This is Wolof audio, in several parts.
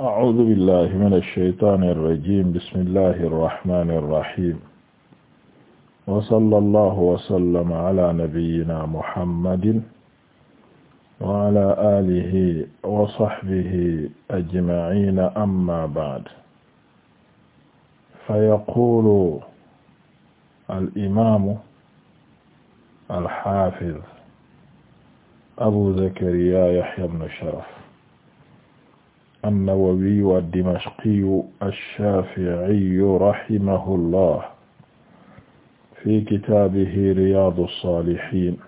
أعوذ بالله من الشيطان الرجيم بسم الله الرحمن الرحيم وصلى الله وسلم على نبينا محمد وعلى آله وصحبه أجمعين أما بعد فيقول الإمام الحافظ أبو زكريا يحيى بن شرف an-Nawawiyu ad-Dimashqiyu ash-Shafi'iyu rahimahullah fi kitaabihi Riyaadu s-Saalihiin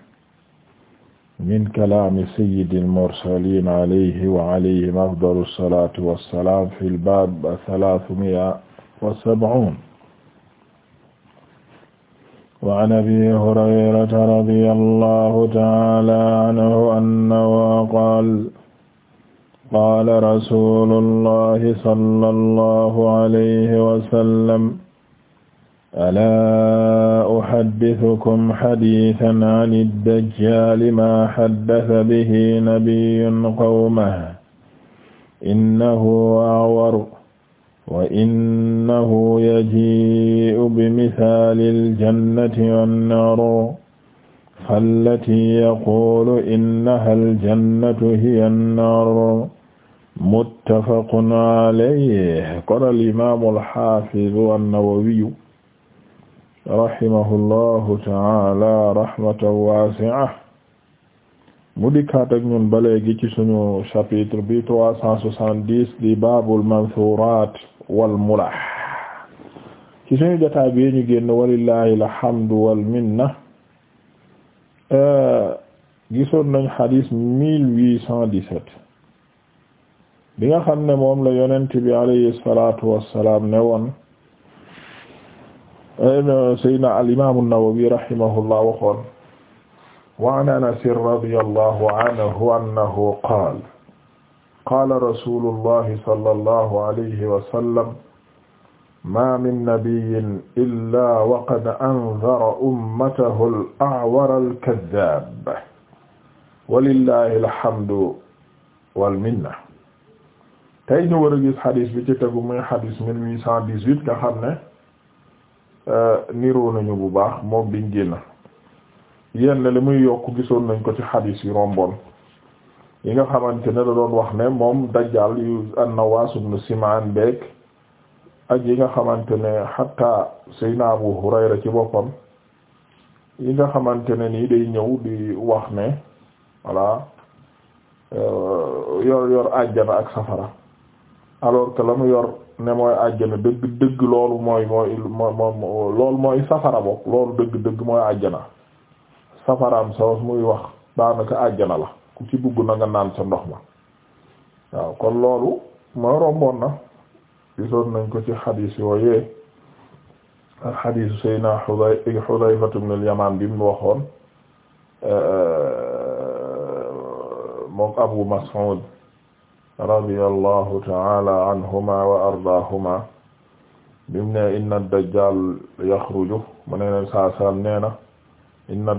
min kalaami sayyidil mursaliin alayhi wa alayhim afdalu salaatu wa salaam fil baab salaasumi'a wa sab'uun. wa an abii hurayrata radiyallaahu ta'aalaa anhu annahu qaala qaala rasuulullahi sallallahu alayhi wa sallam alaa uhaddithukum hadiithan ani dajjaali maa haddatha bihi nabiyyun qawmahu innahu a'waru wa innahu yajii'u bimithaalil jannati wan-naari fallatii yaquulu innaha al-jannatu hiya an-naar muttafaqun alayhi kon al imaamu alxafidu annawawiyu rahimahu llahu taala rahmatan waasi'a mu dikkaat ak ñun ba léegi ci suñu chapitre bi trois cent soixante-dix di baabul mansuuraat wal mulah ci suñu jotaay bi ñu génn walillahi alhamdu wal minna gisoon nañ xadiis mille huit cent bi nga xam ne moom la yonent bi alayhi salatu wassalam ne woon sayyidina al-imam an-Nawawi rahimahullah waxoon wa an Anas radiyallahu anhu annahu qaala qaala rasulullahi sallallahu alayhi wa sallam ma min nabiyyin illa wa qad anzara ummatahu al-a'wara al-kadhdhab walillahi al-hamdu wal minna tey ñu war a gis xadis bi ci tegu muy xadis mille huit cent dix-huit nga xam ne euh, niroo nañu bu baax moom biñ génn yenn li muy yokk gisoon nañ ko ci xadis yi romboon yi nga xamante ne da doon wax ne moom dajjal yu an-Nawaas ibn Simaan beek ak yi nga xamante ne xatta Seydina Abu Hurayra ci boppam yi nga xamante ne nii day ñëw di wax ne voilà euh, yor yor àjjana ak safara alors que la mu yor ne mooy àjjana dëgg dëgg loolu mooy mooy mooy loolu mooy safara bokk loolu dëgg dëgg mooy àjjana safaraam soos muy wax daanaka àjjana la ku ci na nga naan sa ndox ma waaw kon loolu mooy na gisoon nañ ko ci xadiis yooyee ak xadiisu bi mu waxoon euh, mook Abu Mas'ud radiyallahu ta'ala anhuma wa ardaahuma bim ne inna dajjal yaxruju mu ne leen saa saam inna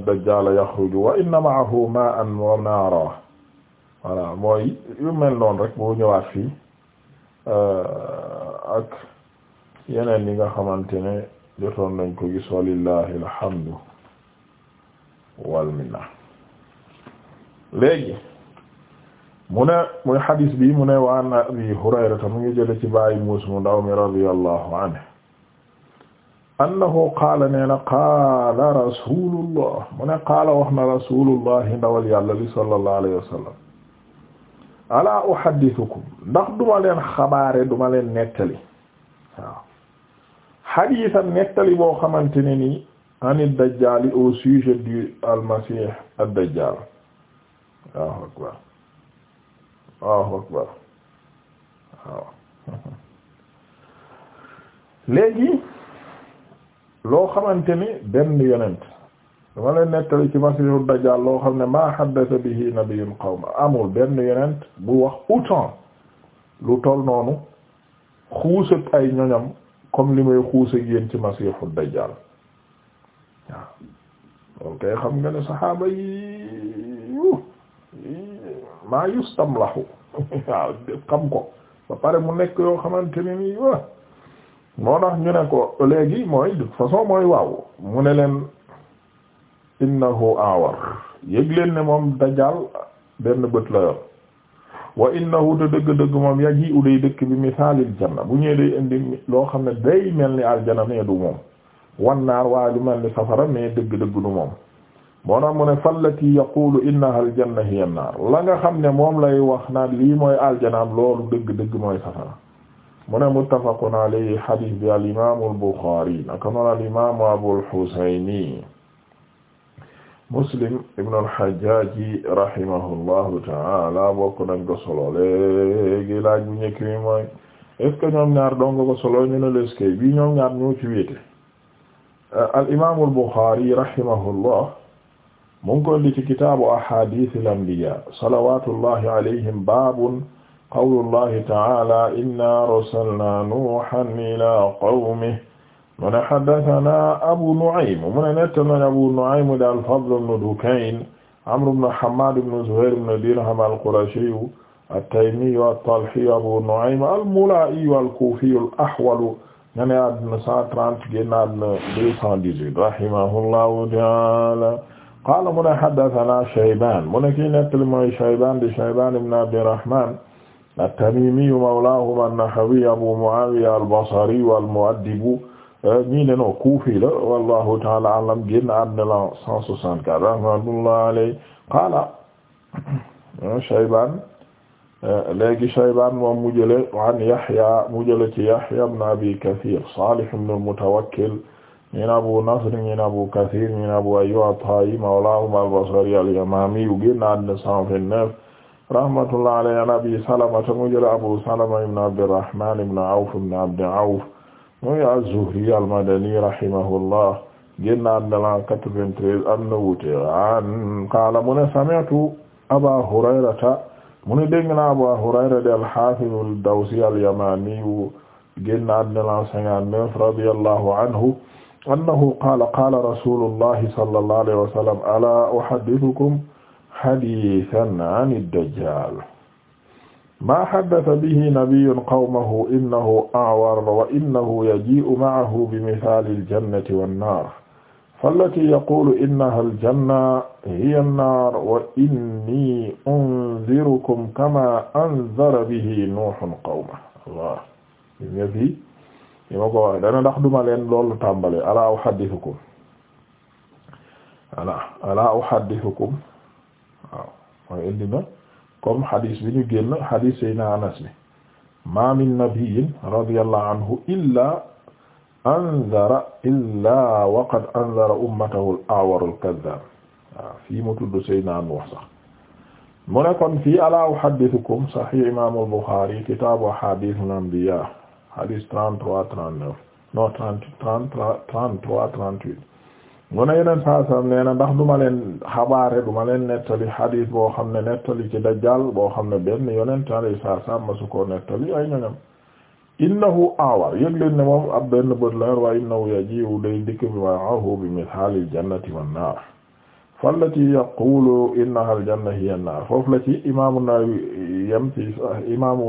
dajjal yaxruju wa ma'ahu maa'an wa mooy yu mel noonu rek boo ñëwaat fii euh, ak yeneen yi nga xamante ne jotoon ko gis walillahi alhamdu wal minna léegi. mu ne muy xadis bi mu ne wa an abi hurayrata mu ngi jële ci bàyyi muus mu ndaw mi radiyallahu anhu annahu qaala nee na qaala rasulullah mu ne qaala wax na rasulullah ndawal yàlla li sallallahu alayhi wa sallam alaa uhaddithukum ndax duma leen xabaare duma leen nettali waaw xadiisan nettali boo xamante ne ni ani dajjal au sujet du almasih ad-dajjal waaw akbar waaw akbar waaw léegi loo xamante ni benn yonent dama leen nettali ci masiihu dajjaal loo xam ne ma haddasa bihi nabiyyun qawma amul benn yonent bu wax autant lu toll noonu xuusat ay ñoñam comme li may xuus ak ci masiihu dajjaal waaw loolu kay xam nga ne saxaaba yi maa yustamlahu waaw xam ko ba pare mu nekk yoo xamante ne nii ah. moo tax ñu ne ko léegi mooy de façon mooy waaw mu ne leen innahu awar yëg leen ne moom dajaal benn bët la yor wa innahu te dëgg-dëgg moom yaji u day dëkk bi misaalil janna bu ñëwee day indi loo xam ne day mel ni aljanna mais du moom wannaar waaye du mel ni safara mais dëgg-dëgg du moom moo tax mu ne fallati yaqulu innaha aljanna hiya an la nga xam ne moom lay wax naan lii mooy aljanaam loolu dëgg-dëgg mooy safara mu ne muttafaqun alayhi bi al imaamu al Buxaari naka noonu al imaamu Abul Husayni Muslim ibn al Hajjaaj rahimahullahu ta'ala bokk nañ ko solo laaj bu njëkk bi mooy est-ce ñoom ñaar doon nga ñu ne est-ce bi ñoom ñaar ñoo ci wéete al imaamu al mu ngi koy indi ci kitaabu ahadiisil anbiyaa salawaatullahi alayhim baabun qawlullahi ta'aala innaa arsalnaa nuuhan ilaa qawmihi mu ne haddasanaa abu nu'aym mu ne nettal nañ abu nu'aym di al-fadl ibn dukayn amr ibn hammaad ibn zuhayr ibn dirham al-qurashiyu at-taymiyu at-talhiyu abu nu'aym al-mulaa'iyu al-kuufiyu al-ahwalu gane àddina 130 génn àddina 218 rahimahullahu ta'aala qaala mu ne haddasanaa Shaybaan mu ne kii nettali mooy Shaybaan di Shaybaan ibn Abdirrahmaan at-Tamiimiyyu mawlaahum an-Nahawiyyu Abu Mu'aawiya al-Basriyyu al-Mu'addibyu ñii ne noo Kuufi la wallaahu ta'aalaa a'lam génn àddina la 164 rahmatullaahi alayhi qaala Shaybaan léegi Shaybaan moom mu jële an Yahyaa mu jële ci Yahyaa ibn Abii Kasiir Saalih ibn al-Mutawakkil ñi na Abu Nasr ñi na Abu Kathir ñi na Abu Ayyub at-Ta'i mawlahum al-Basri al-Yamami yu génn àddina 129 rahmatullahi alayhi an Abi Salama mu jël Abu Salama ibn Abdirrahman ibn Awf ibn Abd Awf muy az-Zuhri al-Madani rahimahullah génn àddina la 93 am na wuute an qaala mu ne sami'tu Aba Hurayrata mu ne dégg naa Abu Hurayra de al-Hafiz al-Dawsi al-Yamani génn àddina la 59 radiyallahu anhu annahu qaala qaala rasulullahi sallallahu alayhi wa sallam alaa uhaddithukum hadiithan an ad-dajjaal maa haddatha bihi nabiyyun qawmahu innahu a'war wa innahu yaji'u ma'ahu bimithali al-jannati wan-naar fallatii yaquulu innahaa al-janna hiya an-naar wa innii undhirukum kamaa andhara bihi nuuhun qawmahu li ma ko waxee dana ndax duma leen loolu tàmbale ala uhaddithukum ala ala uhaddithukum waaw mooy indi na comme hadith bi ñu génn hadith sayna Anas bi ma min nabiyyin radiyallahu anhu illa anzara illa waqad anzara ummatahu al-a'waru al mu tudd sayna Nuh mu ne kon fii ala uhaddithukum sahih imam al-Bukhari kitab ahadith al-anbiya hadis 33 39 non 30 33 33 38 mu ne yeneen saa saa nee na ndax du ma leen xabaare du ma leen nettali hadis boo xam ne nettali ci dajjal boo xam ne benn yonent alayhi saa saa ma su ko nettali ay ñoñam innahu awar yëg leen ne moom ab benn bët la waaye innahu yaji'u day dikk bi ma'ahu bi mithaalil jannati wan naar fallati yaqulu innaha aljanna hiya an-naar foofu la ci imaamu Nawawi yem ci imaamu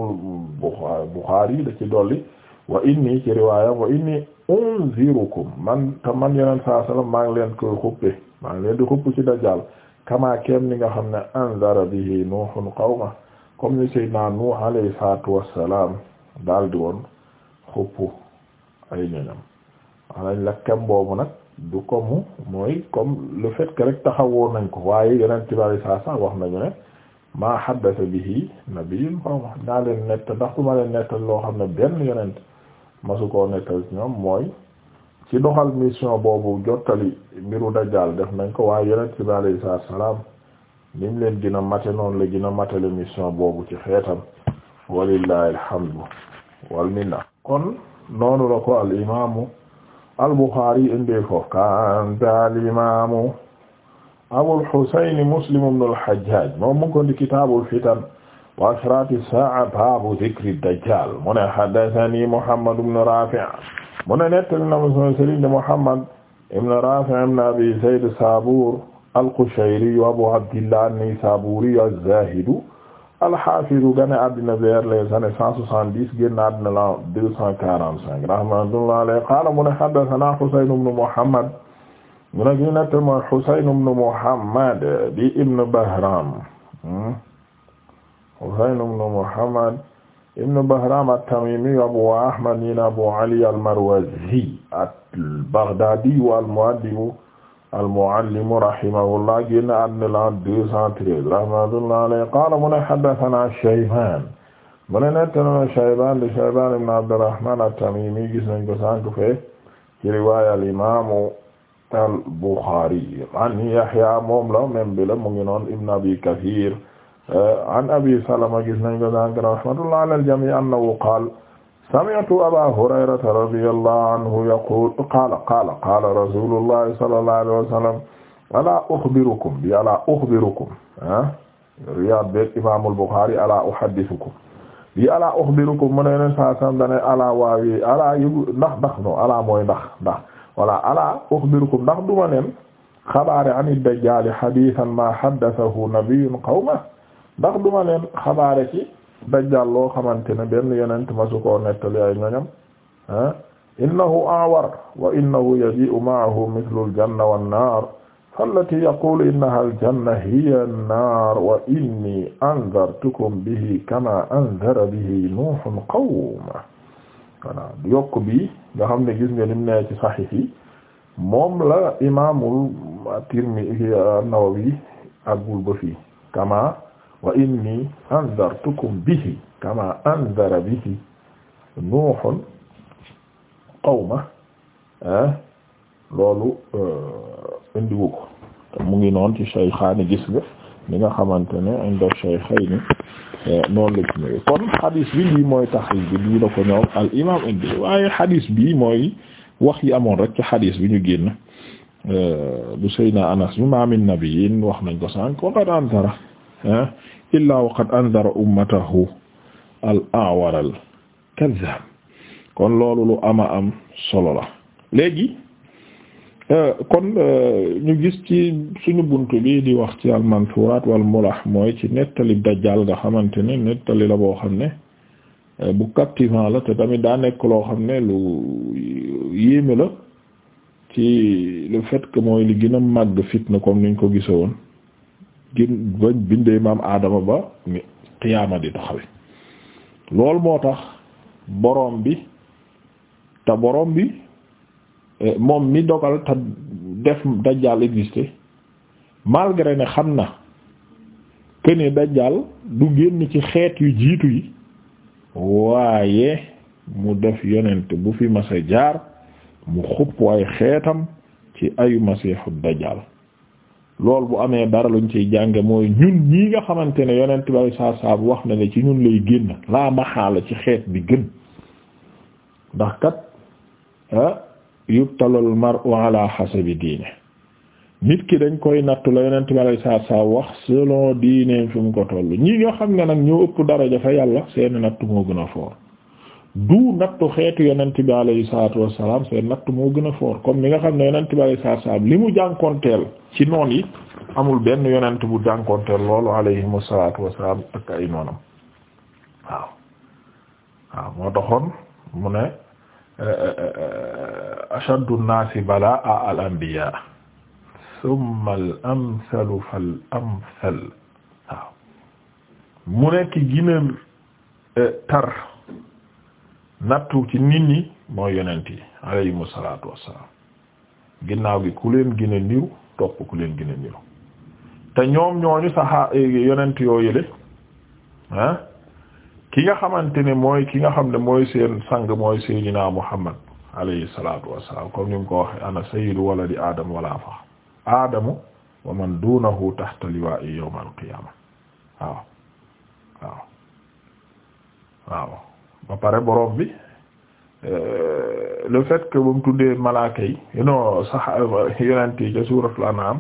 Buxaari da ci dolli wa inni ci riwaaya wa inni unzirukum man te man yeneen saa sallam maa ngi leen koy xuppe maa ngi leen di xupp ci dajjal kama kem ni nga xam ne anzara bihi nuuhun qawma comme ni sayyidina nuuh alayhi salaatu wassalaam daal di woon xuppu ay ñoñam walañ la kem boobu nag du comme mooy comme le fait que ko waaye yeneen tibari saa saa wax nañu ne maa haddasa bihi nabiyyun qawma daa leen nett ndax ku ma leen nettal loo xam ne benn yonent masu koo nekkal ñoom mooy ci doxal mission boobu jottali mbiru dajjaal def nañ ko waaye yonent bi alayhi salaam niñ leen gën a mate noonu la gën a matale mission boobu ci xeetam walillahi alhamdu wal kon noonu la ko al imaamu al Bukhari indee foofu kanta al imaamu Abul Husayn Muslim ibn al Hajjaj moom ko di kitaabul fitan wa ashrati saa baabu dhikri dajjal mu ne haddathani Muhammad ibn Rafi' mu ne nettali na mosuma Serigne de Muhammad ibn Rafi' ibn Abi Zayd Sabur al-Qushayri Abu Abdillah an-Naysaburi az-Zahid al-Hafiz gane addina vers les années cent soixante dix génn addina la deux cent quarante cinq rahmatullahi alayhi qaala mu ne haddathana Husayn ibn Muhammad mu ne nettali ma Husayn ibn Muhammad di ibn Bahram hmm? Husayn ibn Muhammad ibn Bahram at-Tamimi Abu Ahmad ñi ne Abu Ali al-Marwazi al-Baghdadi al-mu'allimu al-mu'allimu rahimahullah génn àddina la 213 rahmatullahi alayhi qaala mu ne haddathana Shayban mu ne nettana Shayban di Shayban ibn Abdurrahman at-Tamimi gis nañ ko sànq fee ci riwaaya al-imaamu al-Bukhari an Yahya moom la même bi la mu ngi noon ibn Abi Kathir Euh, an abi salama gis nañ ko sànq rahmatullah ala al-jami' annahu qaala sami'tu aba hurayrata radiyallahu anhu yaqul qaala qaala qaala rasulullahi sallallahu alayhi wa sallam ala ukhbirukum bi ala ukhbirukum ah riyaad bi imaamul Bukhari ala uhaddithukum bi ala ukhbirukum mu ne leen saa sam dane ala waawi ala yëgu ndax ndax no ala mooy ndax ndax wala ala ukhbirukum ndax duma leen xabaare an ad-dajjal hadithan ma haddathahu nabiyyun qawma ndax duma leen xabaare ci dajjal loo xamante ne benn yonent masu koo nettali ay ñoñam ah innahu awar wa innahu yaji'u ma'ahu mithlu al-janna wan-nar fallati yaqulu innaha al-janna hiya an-nar wa inni anzartukum bihi kama anzara bihi nuhun qawma voilà yokk bi nga xam ne gis nga lim ne ci saxiix yi moom la imaamul Tirmidhi an-Nawawi agul ba fii kama wa inni andartukum bihi kama andara bihi nuuhun qawma ah, loolu eh, indiwu ko mu ngi noon ci Shaykhaani gis nga li nga xamante ne inda Shaykhayni eh, noonu la ci ñëwee kon xadis bi lii mooy taxriij bi lii la ko ñoom al imaam indi waaye xadis bi mooy wax yi amoon rek ci xadis bi ñu génn eh, bu Seydina Anas bi ma min nabiyyin wax nañ ko sànq waqad antara Ah, illaa waqad anzara ummatahu al al kadhab kon loolu lu ama am solo la léegi euh, kon euh, ñu gis ci suñu bunt bi di wax ci al mantuuraat wal mulah mooy ci nettali dajjaal nga xamante ne nettali la boo xam ne euh, bu captivant la te tamit daa nekk loo xam ne lu yéeme la ci le fait que mooy li gën a màgg fitna comme niñ ko gisoon gin bañ bindee maam aadama ba qiyaama di taxawe loolu moo tax boroom bi te boroom bi eh, moom mi dogal te def dajjal exister malgré ne xam na que ne du génn ci xeet yu jiitu yi waaye mu def yonent bu fi masa jaar mu xupp waay xeetam ci ayu masiixu dajjal loolu bu amee dara luñ ci jànge mooy ñun ñii nga xamante ne yonent bi saa saa wax na ne ci ñun lay génn laa maxaala ci xeet bi gën ndax kat ah yubtalul mar'u ala hasabi diine nit ki dañ koy nattu la yonent bi saa saa wax selon diineem fi mu ko toll ñii nga xam ne nag ñoo ëpp daraja fa yàlla seen nattu moo gën a foor du nattu xeetu yonent bi alayhi salaatu seen nattu moo gën a foor comme mi nga xam ne yonent bi saa saa li mu jànkoonteel ci noon yi amul benn yonent bu jànkonteel loolu alayhimu salaatu wassalaam ak ay noonam waaw waaw moo taxoon mu ne eh, eh, eh, ashaddu nnaasi balaa'a al anbiyaa summa al amsalu waaw mu ne ki gën tar nattu ci nit ñi mooy yonent yi alayhimu salaatu wassalaam ginnaaw gi ku leen gën niw topp ku leen gën a niru te ñoom ñooñu saxa yonent yoo yële ah ki nga xamante ne mooy ki nga xam ne mooy seen sang mooy Seydina Muhammad alayhi salaatu wassalaam comme ni mu ko waxe ana sayyidu waladi aadama wala fax aadamu wa man duunahu tahta liwaa'i yawmal qiyaama waaw waaw waaw ba pare borom bi Euh, le fait que ba mu tuddee malaaka yi non sax euh, yonent yi ca suuratul an'aam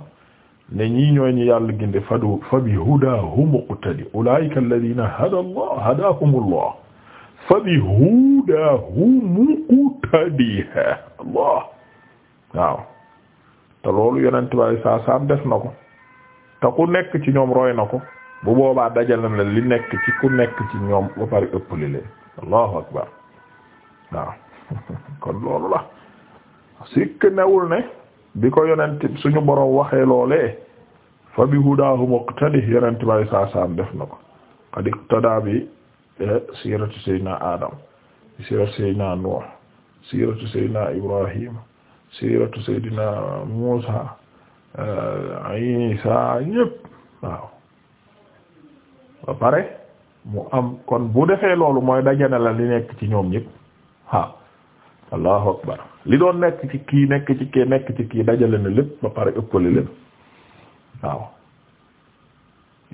ne ñii ñooy ñi yàlla ginde fadu fa bi hudaahum iqtadi ulaa'ika allaziina hada Allah hadaahumullah fa bi hudaahum iqtadi Allah waaw te loolu yonent baay saa saam def na ko te ku nekk ci ñoom roy na ko bu boobaa dajale na li nekk ci ku nekk ci ñoom ba pare ëppale leen allahu akbar waaw kon loolu la sikk newul ne bi ko yonent suñu borom waxee loolee fa bi hudahu muqtadi yonent bay saasaam def na ko qad iqtada bi eh, siratu sayyidina adam siratu sayyidina nuh siratu sayyidina ibrahim siratu sayyidina musa eh, isa ñépp waaw ba pare mu am kon bu defee loolu mooy dajana la li nekk ci ñoom ñépp waaw allahu akbar li doon nekk ci kii nekk ci kii nekk ci kii dajale na lépp ba pare ëppale leen waaw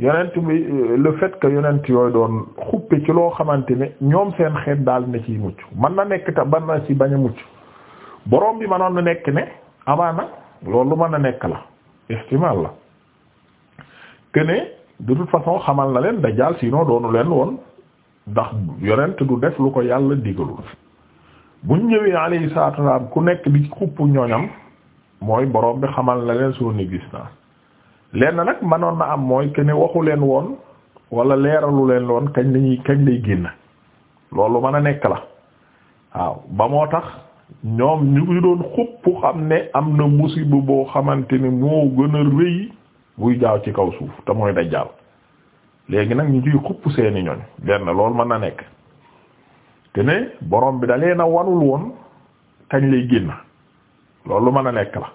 yonent bi le fait que yonent yooyu doon xuppe ci loo xamante ne ñoom seen xeet daal na ciy mucc man na nekk te ban na ci bañ a mucc borom bi manoon na nekk ne amaana loolu mën a nekk la istimal la que ne de toute façon xamal na leen dajaal sinon doonu leen woon ndax yonent du def lu ko yàlla digalul bu ñëwee saatu salaatu am ku nekk di xupp ñooñam mooy borom bi xamal na leen soo existence lenn nag manoon na am mooy que ne waxu leen woon wala leeralu leen woon kañ lañuy kañ lay génn loolu mën a nekk la waaw ba moo tax ñoom ñu ngi doon xupp xam ne am na musiba boo xamante ni moo gën a rëy buy jaaw ci kaw suuf te mooy dajjaal léegi nag ñu ciy xupp seeni ñoñ benn loolu mën na nekk te ne borom bi da leen a wanul woon kañ lay génn loolu lu mën a nekk la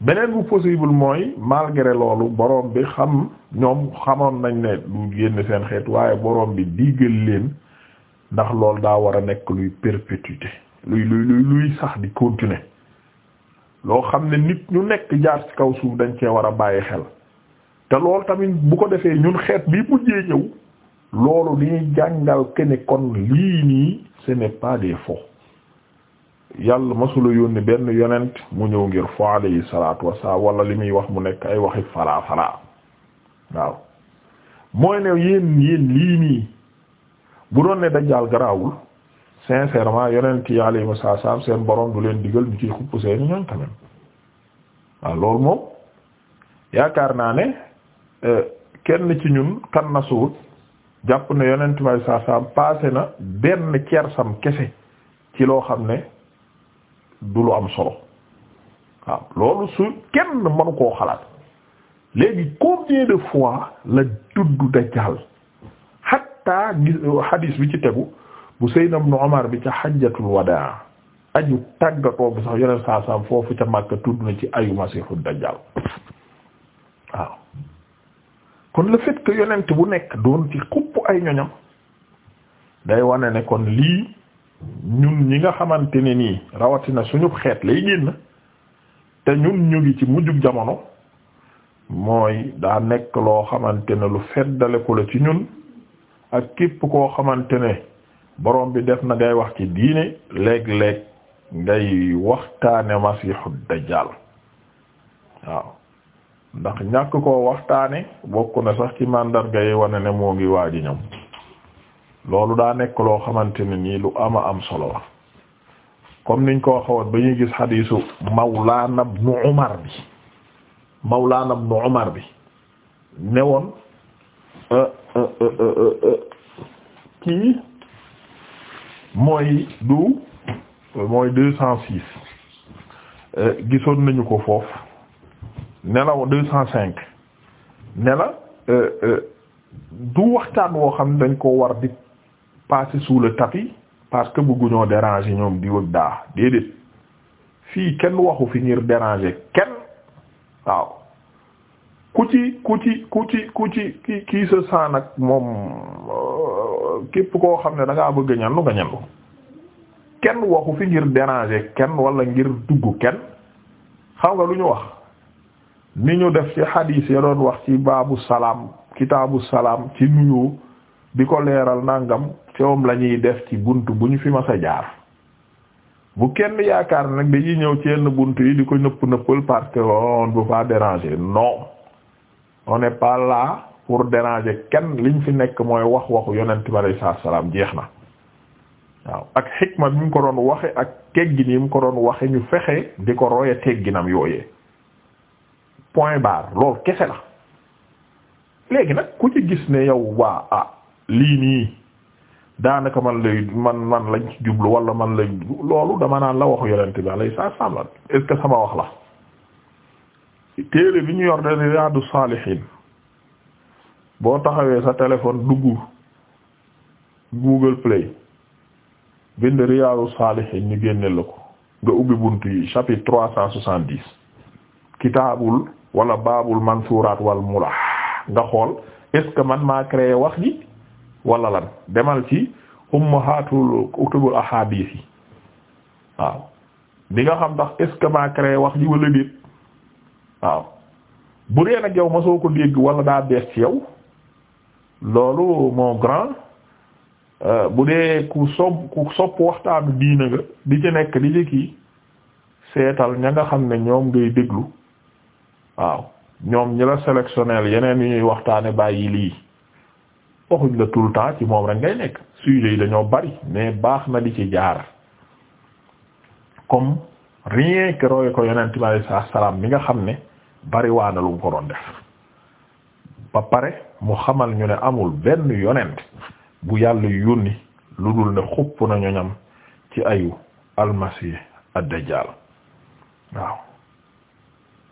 beneen bu possible mooy malgré loolu boroom bi xam ñoom xamoon nañ ne du génn seen xeet waaye boroom bi digal leen ndax loolu daa war a nekk luy perpétuité luy luy luy sax di continuer loo xam ne nit ñu nekk jaar ci kaw suuf dañ cee war a bàyyi xel te loolu tamit bu ko defee ñun xeet bi mujjee ñëw. loolu li ñu jàngal kene kon lii nii ce n'est pas des faux yàlla masula yónni benn yonent mu ñëw ngir fo alayhi salaatu wasalaam wala li muy wax mu nekk ay waxi fara fara waaw mooy ne yéen yéen lii nii bu doon ne dajjaal garaawul sincèrement yonent yi alayhi salaam seen borom du leen digal ñu ciy xupp seen ñoon quand même waaw loolu moom yaakaar naa ne euh, kenn ci ñun kan na suut jàpp ne yonent may saa saam passé na benn cersam kese ci loo xam ne du lu am solo waaw loolu su kenn mënu koo xalaat léegi combien de fois la dudd dajjal hatta gis bi ci tegu bu Seydina Ibn Umar bi ca hajjatul wadaa aju tàggatoo bi sax yonent saa foofu ca Makka tudd na ci ayu masiixu dajjal waaw kon le fait que yonent bu nekk doon ci xupp ay ñoñam day wane ne kon lii ñun ñi nga xamante ne nii rawatina suñu xeet lay génn te ñun ñu ngi ci mujjug jamono mooy daa nekk loo xamante ne lu feddale ko la ci ñun ak képp koo xamante ne borom bi def na ngay wax ci diine léeg-léeg ngay waxtaane masiixu dajjaal waaw ndax ñàkk koo waxtaane bokk na sax ci màndarga yi wane ne moo ngi waaji ñëw loolu daa nekk loo xamante ne nii lu ama am solo la comme niñ ko waxoon ba ñuy gis xadiisu Mawlaana ibnu Umar bi Mawlaana ibnu Umar bi ne woon euh, euh, euh, kii mooy du mooy deux cent six gisoon nañu ko foofu ne la deux cent euh, euh, du waxtaan woo xam ne dañ koo war di passer sous le tapis parce que bëgguñoo déranger ñoom di wëg daa déedéet fii kenn waxu fi ngir déranger kenn waaw ku ci ku ci ku ci ku ci ki kii sa nag moom euh, képp koo xam ne da ngaa bëgg a ñandu nga ñandu kenn waxu fi ngir déranger kenn wala ngir dugg kenn xam nga lu ñu wax ni ñu def ci xadiis ya doon wax ci baabu salaam kitaabu salaam ci nuyoo di ko leeral nangam coom lañuy def ci bunt bu ñu fi mas a jaar bu kenn yaakaar nag dañuy ñëw ci yenn bunt yi di ko nëpp nëppal parce que on ne peut pas déranger non on pour déranger kenn liñ fi nekk mooy wax waxu yonent bi alayhi salaam jeex na waaw ak xikma bi mu ko doon waxe ak teggin yi mu ko doon waxe ñu fexe di ko roye tegginam yooyee point barre loolu kese la léegi nag ku ci gis ne yow waa ah lii nii daanaka man lay man man lañ ci jublu wala man lañ loolu dama naan la waxu yonent bi alayhi salaam la est sama wax la téere bi ñu yor de Riyadou boo taxawee sa téléphone dugg Google Play bind Riyadou Salihine ñu génne la ko nga ubbi buntu yi chapitre trois cent soixante-dix kitaabul wala baabul mansuraat wal mulah nga xool est man maa créé wax ji wala lan demal ci ummahatul kutubul ahadith yi waaw di nga xam ndax est-ce que maa créé wax ji wala déet waaw bu dee nag yow ma soo ko dégg wala daa bees ci yow loolu mon grand euh, bu dee ku sopp ku sopp waxtaanu diina nga di ci nekk di ci kii seetal ña nga xam ne ñoom ngay déglu waaw ñoom ñi la sélectionnel yeneen yu ñuy waxtaane bàyyi lii waxuñ la tout le temps ci moom rek ngay nekk sujets yi dañoo bari mais baax na di ci jaar comme rien que roye ko yonent bi sa salaam bi nga xam ne bariwaana waana lu mu ko doon def ba pare mu xamal ñu ne amul benn yonent bu yàlla yónni lu dul ne xupp nañu ñam ci ayu almasih ad-dajjal waaw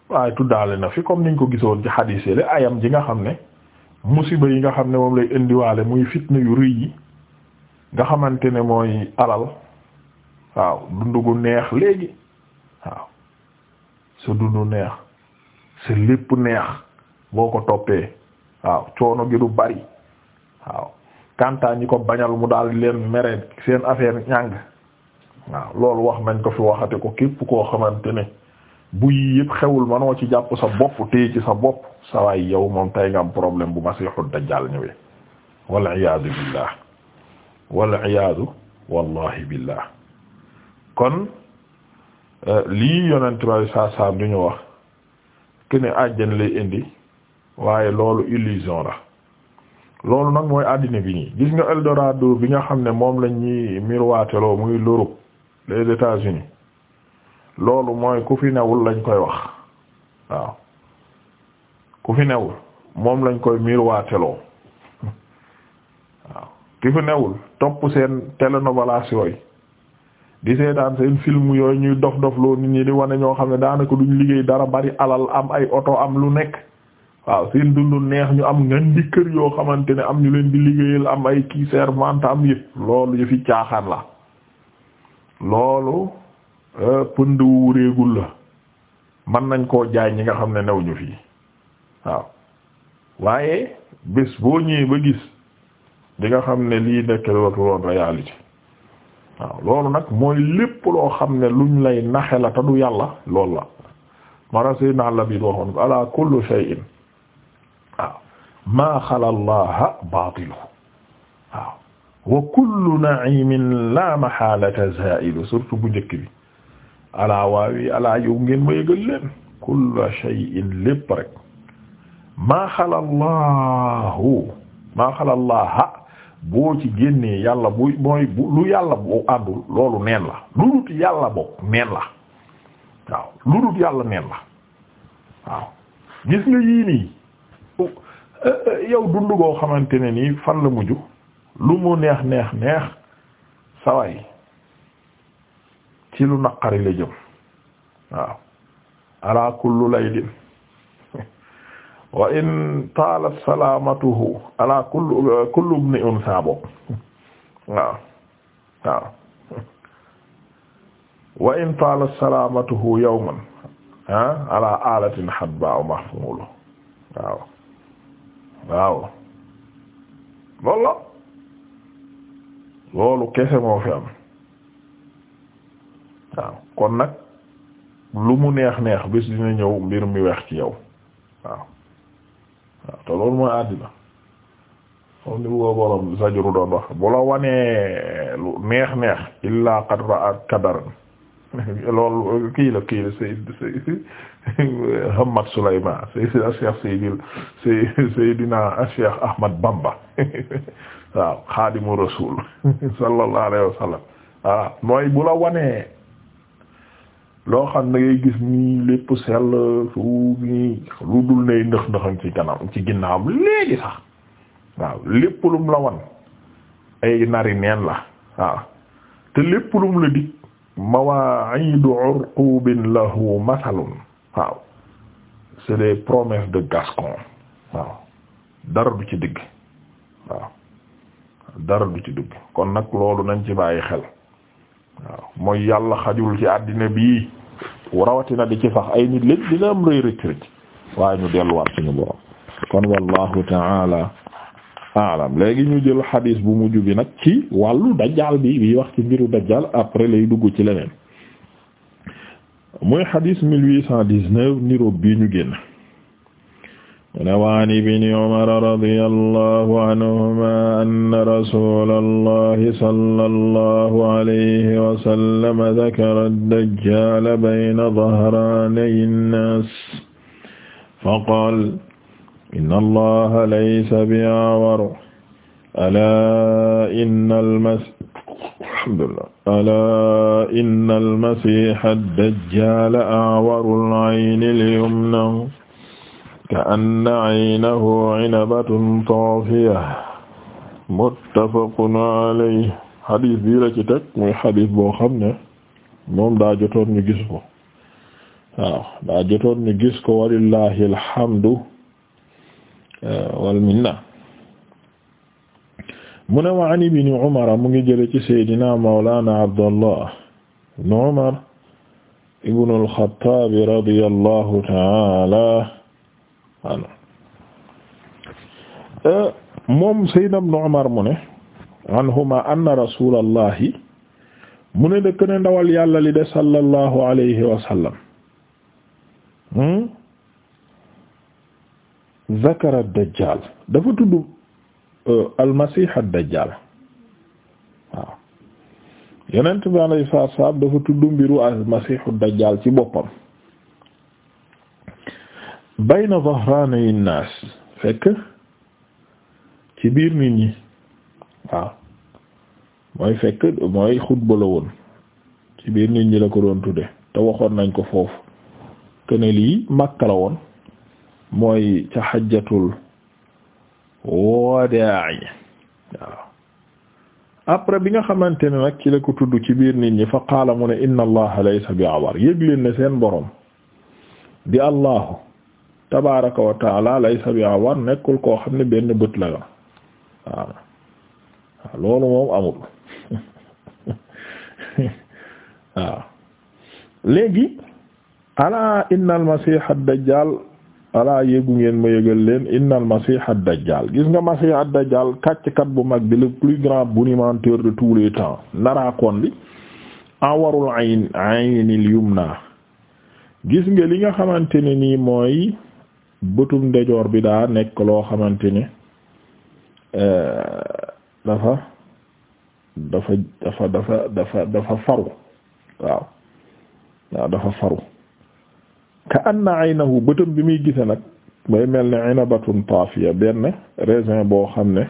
waaye tuddaale na fi comme niñ ko gisoon ci xadiis yi ayam ji nga xam ne musiba yi nga xam ne moom lay indiwaale muy fitna yu rëy yi nga xamante ne mooy alal waaw dund gu neex léegi waaw sa dund neex sa lépp neex boo ko toppee waaw coono gi du bari waaw kantaa ñi ko bañal mu daal leen mere seen affaire ñàng waaw loolu wax nañ ko fi waxate ko képp koo xamante ne buy yii yëpp xewul manoo ci jàpp sa bopp téye ci sa bopp sa waay yow moom tey nga am problème bu masiixu dajjaal ñëwee wal iyaadu billah wal iyaadu wallahi billah kon euh, lii yonent bi saa saa du ñu wax ki ne àjjan lay indi waaye loolu illusion la loolu nag mooy àddina bi nii gis nga Eldorado bi nga xam ne moom lañ ñuy miroiteloo muy l'Europe les États-Unis loolu mooy ku fi newul lañ koy wax waaw ku fi newul moom lañ koy miirwaateloo waaw ki fi newul topp seen telenovelas yooyu di seetaan seen film yooyu ñuy dof dof loo nit ñi di wane ñoo xam ne daanaka duñ liggéey dara bari alal am ay oto am lu nekk waaw seen dundu neex ñu am nga di kër yoo xamante ne am ñu leen di liggéeyal am ay kii servante am yëpp loolu fi caaxaan la loolu Euh, pënd wu réegul la mën nañ koo jaay ñi nga xam ne new ñu fii waaw waaye bés boo ñëwee ba gis di nga xam ne lii nekk loon réalité waaw loolu nag mooy lépp loo xam ne luñ lay naxe la te du yàlla loolu la mara saydna labid waxoon ko ala kullu shay'in waaw maa xala allaha baatilu waaw wa kullu na'imin la mahalata za'ilu surtout bu njëkk bi alaa waawi alaa yow ngeen ma yëgal leen kulla shay'in lépp rek maa xalallaahu maa xalallaaha boo ci génnee yàlla bu mooy bu lu yàlla bu àndul loolu neen la lu dut yàlla bokk neen la waaw lu dut yàlla neen la waaw gis nga yii nii yow dund goo xamante ne nii fan la mujj lu mu neex neex neex saway ci lu naqari la jëm waaw ala kullu laylin wa in taalat salaamatuhu ala kullu kullu ibni unsa bopp waaw waaw wa in taalat salaamatuhu yawman ah ala alatin hadba mahmulu waaw waaw loolu la loolu kese moo fi am waaw kon nag lu mu neex neex bés dina ñëw mbir mi weex ci yow waaw waaw te loolu mooy àddina moom ni bu ko borom sajuru doon wax bu la wanee lu neex neex illa qad ra'at kadaran loolu kii la kii la Seyd Seyd Hamad Souleymane Seyd Cheikh Seydil Seydina Cheikh Ahmad Bamba waaw xaadimu rasul sallallahu alayhi wa sallam voilà mooy bu la wanee loo xam ne ngay gis nii lépp sell suuf nii lu dul ne ndëx ndëxam ci kanam ci ginnaawam léegi sax waaw lépp lum la wan ay nari neen la waaw te lépp lum la dig mawaa'idu urqubin lahu masalun waaw c'est des promesses de gascon waaw dara du ci digg waaw dara du ci digg kon nag loolu nañ ci bàyyi xel waaw mooy yàlla xajul ci àddina bi rawatina di ci sax ay nit lépp dina am rëy rëcc rëcc waaye ñu delluwaat suñu borom kon wallahu taala aalam léegi ñu jël xadiis bu mujj bi nag ci wàllu dajjaal bi bi wax ci mbiru dajjaal après lay dugg ci leneen muy xadiis mille huit bii ñu génn waan ibni umara radiyallahu anhuma anna rasulallahi sallallahu alayhi wa sallam dakara ad-dajjaala bayna dhahraanay an-naas faqaala inna allaha laysa bi-a'war alaa inna al-masiih alhamdulillah alaa inna al-masiiha ad-dajjaala a'waru al-'ayni al-yumnaa kaanna aynahu inabatun taafiya muttafaqun alayhi xadis bii la ci teg muy xadis boo xam ne moom daa jotoon ñu gis ko waaw daa jotoon ñu gis ko walillahi alhamdu eh, wal minna mu ne wa an ibni Umar mu ngi jële ci saydina mawlana Abdallah ibn Umar ibn al-Khattab radiyallahu ta'ala waaw euh, moom Seydina Umar mu ne anhuma anna rasulallahi mu ne dëkk ne ndawal yàlla li de sallallahu alayhi wa hmm? dafa tudd euh, almasih ad-dajjal waaw alayhi salaatu wa salaam dafa tudd mbiru almasihu dajjal ci boppam bayna zahraani naas fekk ci biir nit ñi waaw mooy fekk mooy xutba la woon ci biir nit ñi la ko doon tudde te waxoon nañ ko foofu kene lii Makka la woon mooy ca xajjatul wadaa'i waaw après bi nga xamante ne nag ci la ko tudd ci biir nit ñi fa qaala mu ne inna allaha laysa bi awar yëg leen ne seen borom di allahu tabaraka wa taala laysa awar nekkul koo xam ne benn bët la la waaw loolu moom amul waaw léegi ala inna almasiha dajjal ala yégu ngeen ma yégal leen inna almasiha dajjal gis nga masiha dajjal kat bu mag bi le plus grand bonimenteur de tous les temps naraakoon bi awarul ayn aynil yumna gis nga li nga xamante ne nii mooy bëtum ndejoor bi daa nekk loo xamante ne euh, dafa dafa dafa dafa dafa dafa faru waaw waaw dafa faru ka anna aynahu bëtam bi muy gise nag bay mel ne inabatun taafiya benn raisin boo xam ne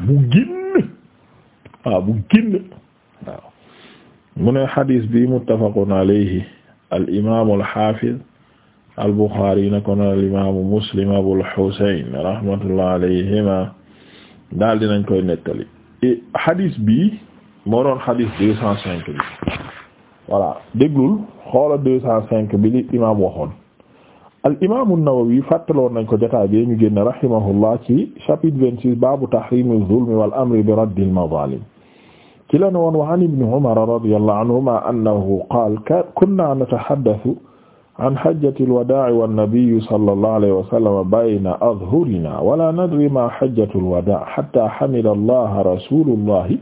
bu hmm, génn waaw mu ne xadiis bi muttafaqun alayhi al imaam al xaafiz al-Bukhari na ko noon al-imaamu Muslim Abul Husayn rahmatullah alayhima daal dinañ koy nettali hadis bi moo doon hadis deux cent cinq bi voilà déglul xoola deux cent cinq bi li imaam waxoon al imaamu Nawawi fàttaloon nañ ko jotaay bi ñu génn rahimahullah ci chapitre vingt-six baabu tahrimi zulmi wal amri bi raddil mazalim ci la ne woon wa an ibni Umar radiyallahu anhuma annahu qaala kunna natahaddathu an hajjatil wadaa wannabiyu sallallahu alayhi wa sallam bayna azhurina wala nadri ma hajjatul wadaa hatta hamida allaha rasulullahi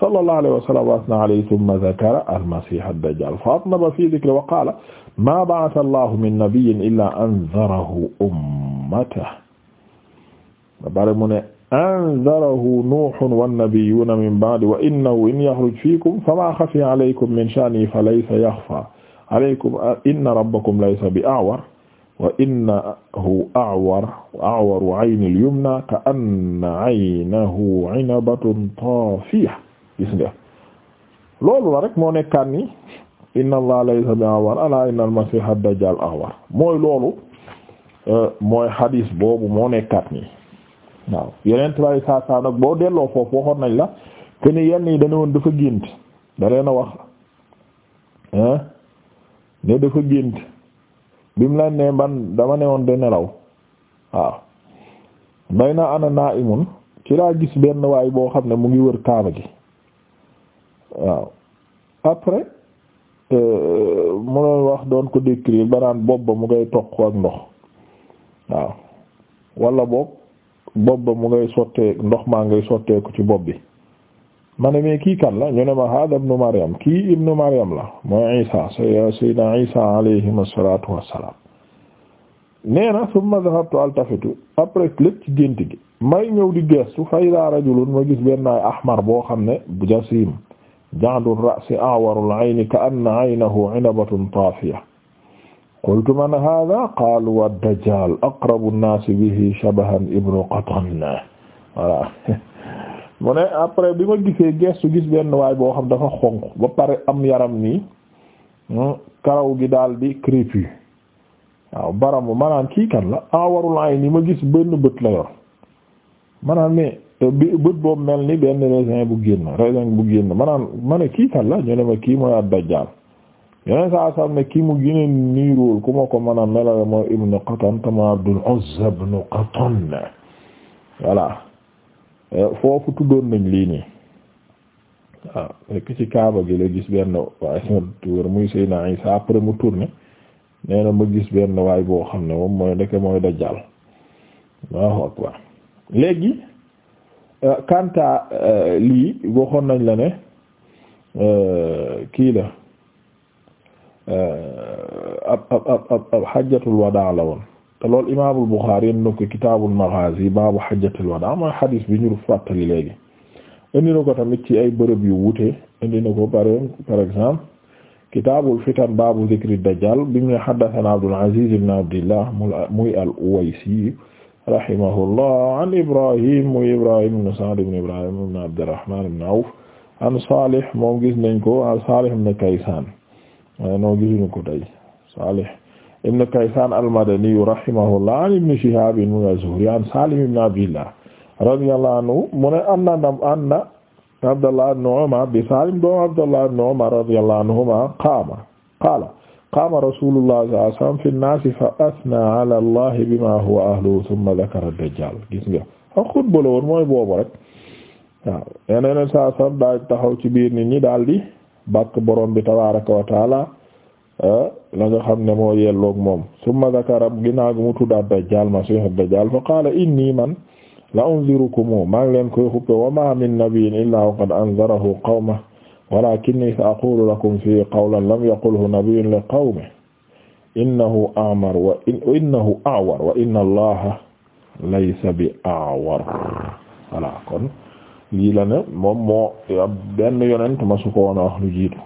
sallallahu alayhi wa sallam wa asna alayhi thumma dhakara al-masiha ad-dajjal faatnaba fi dhikri wa qala ma ba'atha allahu min nabiyyin illa anzarahu ummatahu ba pare mu ne anzarahu nuuhun wannabiyyuna min ba'di wa innahu in yakhruj fikum fama khafiya alaykum min sha'nihi falaysa yakhfa alaykum inna rabbakum laysa bi a'war wa innahu a'war a'waru ayni al-yumna ka anna aynahu 'inabatun tafiya gis nga loolu la rek moo nekkaan ni inna allaha laysa bi a'war ala inna al-masiha ad-dajjal a'war mooy loolu euh, mooy hadis boobu moo nekkaat nii waaw yeneen tubaab yi saa saa nag boo delloo foofu waxoon nañ la que ni yenn yi dañu woon dafa gént da leen a wax. ne dafa gént bi mu la ne man dama ne woon de nelaw waaw may naa ana naa imun ci laa gis benn waay boo xam ne mu ngi wër kaaba gi waaw après euh, mu doon wax doon ko décrire ba naan bopp ba mu ngay toq ak ndox waaw wala boog bopp ba mu ngay sottee ndox maa ngay sotteeku ci bopp bi ma ne mais kii kan la ñu ne ma hada ibnu Maryam kii ibnu Maryam la mooy Isa sayyidina Isa alayhi salaatu wassalaam nee na summa dhahabtu altafitu après lépp ci gént gi may ñëw di gestu fa idaa rajulun ma gis benn ay ahmar boo xam ne bu jasiim ja'du ra'si a'waru al-'ayni ka'anna 'aynahu 'inabatun taafiya qultu man hada qaalu ad-dajjaal aqrabu an-naasi bihi shabahan ibnu Qatan voilà mu ne après bi ma gisee gestu gis benn waay boo xam dafa xonq ba pare am yaram nii hmm, karaw gi daal bi crépu waaw baramu maanaam kii kan la awarul ay ni ma gis benn bët la yor maanaam mais bët boobu mel ni benn raisin bu génn raisin bu génn maanaam ma ne kii la ñu ne ma kii mooy ad-Dajjal yeneen saa saam ne kii mu gëna niirool ku ma ko mën a mooy ibnu Qatan tama Abdul Uzza ibnu Qatan voilà Euh, foofu tuddoon nañ lii nii waaw nekk ci kaaba gi la gis benn waaye sama muy sëy naa Isa après mu tourné nee ma gis benn waay boo xam ne moom mooy ndeke mooy dajjal Allahu akbar léegi kanta euh, euh, lii waxoon nañ la ne kii la ab ab ab ab xajjatul wadaa la woon te loolu imaamul Buxaari yéen ko kitaabul maghaazi baabu hajjatil wadaa mooy xadis bi ñu fàttali léegi indi na ko tamit ci ay bërëb yu wuute indi na ko par par exemple kitaabul fitan baabu zikri dajjal bi mu ne haddasanaa Abdul Aziz ibn Abdillah muy al-Uwaysi rahimahullah an Ibrahim muy Ibrahim ibn Sa'd ibn Ibrahim ibn Abdirrahmaan ibn Awf an Saalih moom gis nañ ko an Saalih ibn Kaysaan noo gisuñu ko tey Saalih ibn Kaysan al-Madani rahimahullah an ibn Shihab mu az-Zuhri an Salim ibn Abdillah radiyallahu anhu mu ne anna dam anna Abdallah ibn Umar bi Salim doomu Abdallah ibn Umar radiyallahu anhuma qaama qaala qaama rasulullah sallallahu alayhi wa sallam fi an-naasi fa athna ala Allah bima huwa ahluhu thumma dhakara ad-Dajjal gis nga ak xutba la woon mooy boobu rek waaw yeneen saa sax daal taxaw ci biir nit ñi daal di bàkk borom bi tabaaraka wa taala ah, la xam ne moo yelloog moom summa zakara ginnaaw gi mu tudda dajjal masiihu dajjal fa qaala inni man la unzirukum maa leen koy xuppe wa ma min nabiyyin illaa wa qad anzarahu qawma walaakinni sa aqulu lakum fii qawlan lam yaqulhu nabiyyun li qawmi innahu a'mar wa innahu a'war wa inna allaha laysa bi a'war voilà kon lii la ne moom moo benn yonent ma su ko wax lu jiitu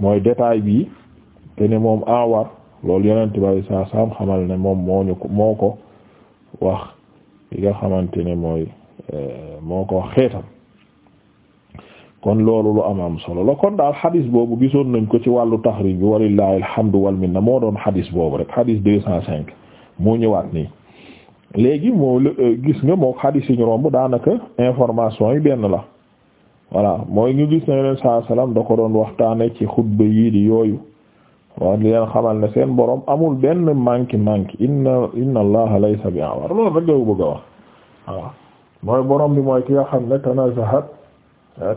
mooy détail bi te ne moom awar loolu yonent bi saa saam xamal ne moom moo ñu moo ko wax li nga xamante ne mooy euh, moo ko wax xeetam kon loolu lu am am solo la kon daal xadis boobu gisoon nañ ko ci wàllu taxrij bi walillahi alhamdu wal na moo doon xadis boobu rek xadis deux cent cinq moo ñëwaat nii léegi moo gis nga moo xadis yi ñu romb daanaka information yi benn la voilà mooy ñu gis na yeneen saa salaam da ko doon waxtaane ci xutba yii di yooyu waaw di leen xamal ne seen borom amul benn manki manki inna inna allaha laysa bi awar loolu rek lawu bëgg a wax waaw mooy borom bi mooy ki nga xam ne tanazahat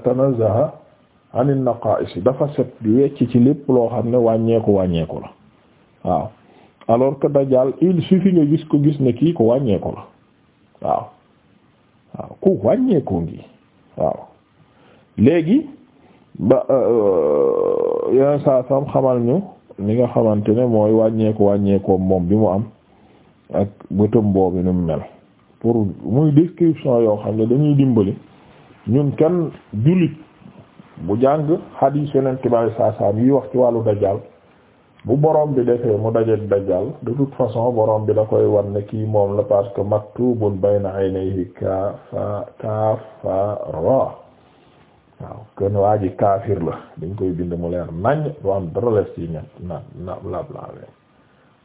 tanazaha anil naqa'is dafa set wecc ci lépp loo xam ne wàññeeku wàññeeku la waaw alors que dajal il suffit nga gis ko gis ne kii ko wàññeeku la waaw waaw ku wàññeekoo ngi waaw léegi ba euh, yeneen saa sam xamal ñu li nga xamante ne mooy wàññeeku wàññeekoo moom bi mu am ak bëtëm boobu nu mu mel pour muy description yoo xam ne dañuy dimbali ñun kenn jullit bu jàng hadith yeneen tubaab yi yi wax ci wàllu dajjal bu borom bi defee mu daje dajjal de toute façon borom bi da koy war ne kii moom la parce que maktubun bayna aynayhi kafa kafara waaw kenn waa ji kaafir la dañ koy bind mu leer nañ lu am dara lees ci ñett na na lablaawe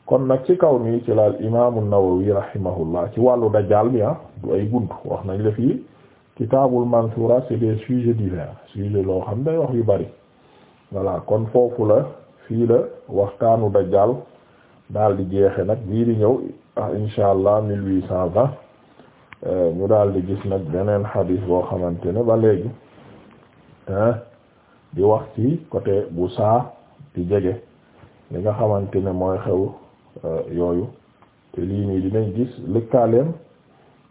kon nag ci kaw nii ci laal imaamu Nawawi rahimahullah ci wàllu dajaal bi ah du ay gunt wax nañ la fii kitaabul mansuura c'est des sujets divers sujets loo xam day wax yu bari voilà kon foofu la fii la waxtaanu dajaal daal di jeexe nag bii di ñëw ah insha allah mille huit euh, di gis nag beneen xadiis boo xamante ne ba léegi di wax ci côté bu saa di jege li nga xamante ne mooy xew euh, yooyu te lii nii dinañ gis lëkkaaleem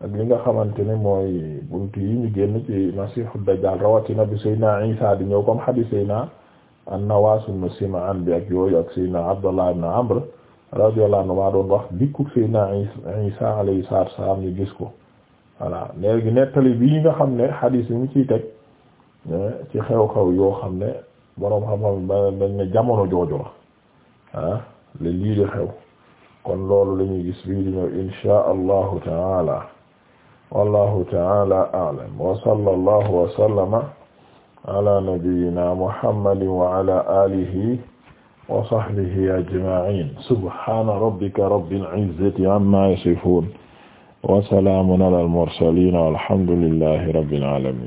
ak li nga xamante ne mooy buntu yi ñu génn ci masiixu dajjaal rawatina bi Seydina Isa di ñëw comme xadiis Seydina an-Nawaas ibn Simaan bi ak yooyu ak Seydina Abdallah ibn Amr radiyallahu anhu maa doon wax dikku Seydina Isa alayhi salaatu wa salaam ñu gis ko voilà léegi nettali bii nga xam ne xadiis yi mu ciy teg. Eh, ci xew-xew yoo xam ne boroom xam-xam dañ ne jamono jooju la ah le lii di xew kon loolu la ñuy gis bii di ñëw insha allahu taala wallahu taala a'lam wa sallallahu wa sallama ala nabiyyina muhammadin wa ala alihi wa sahbihi ajma'in subhana rabbika rabbil izzati amma yasifun wa salamun ala al mursalin walhamdulillahi rabbil alamin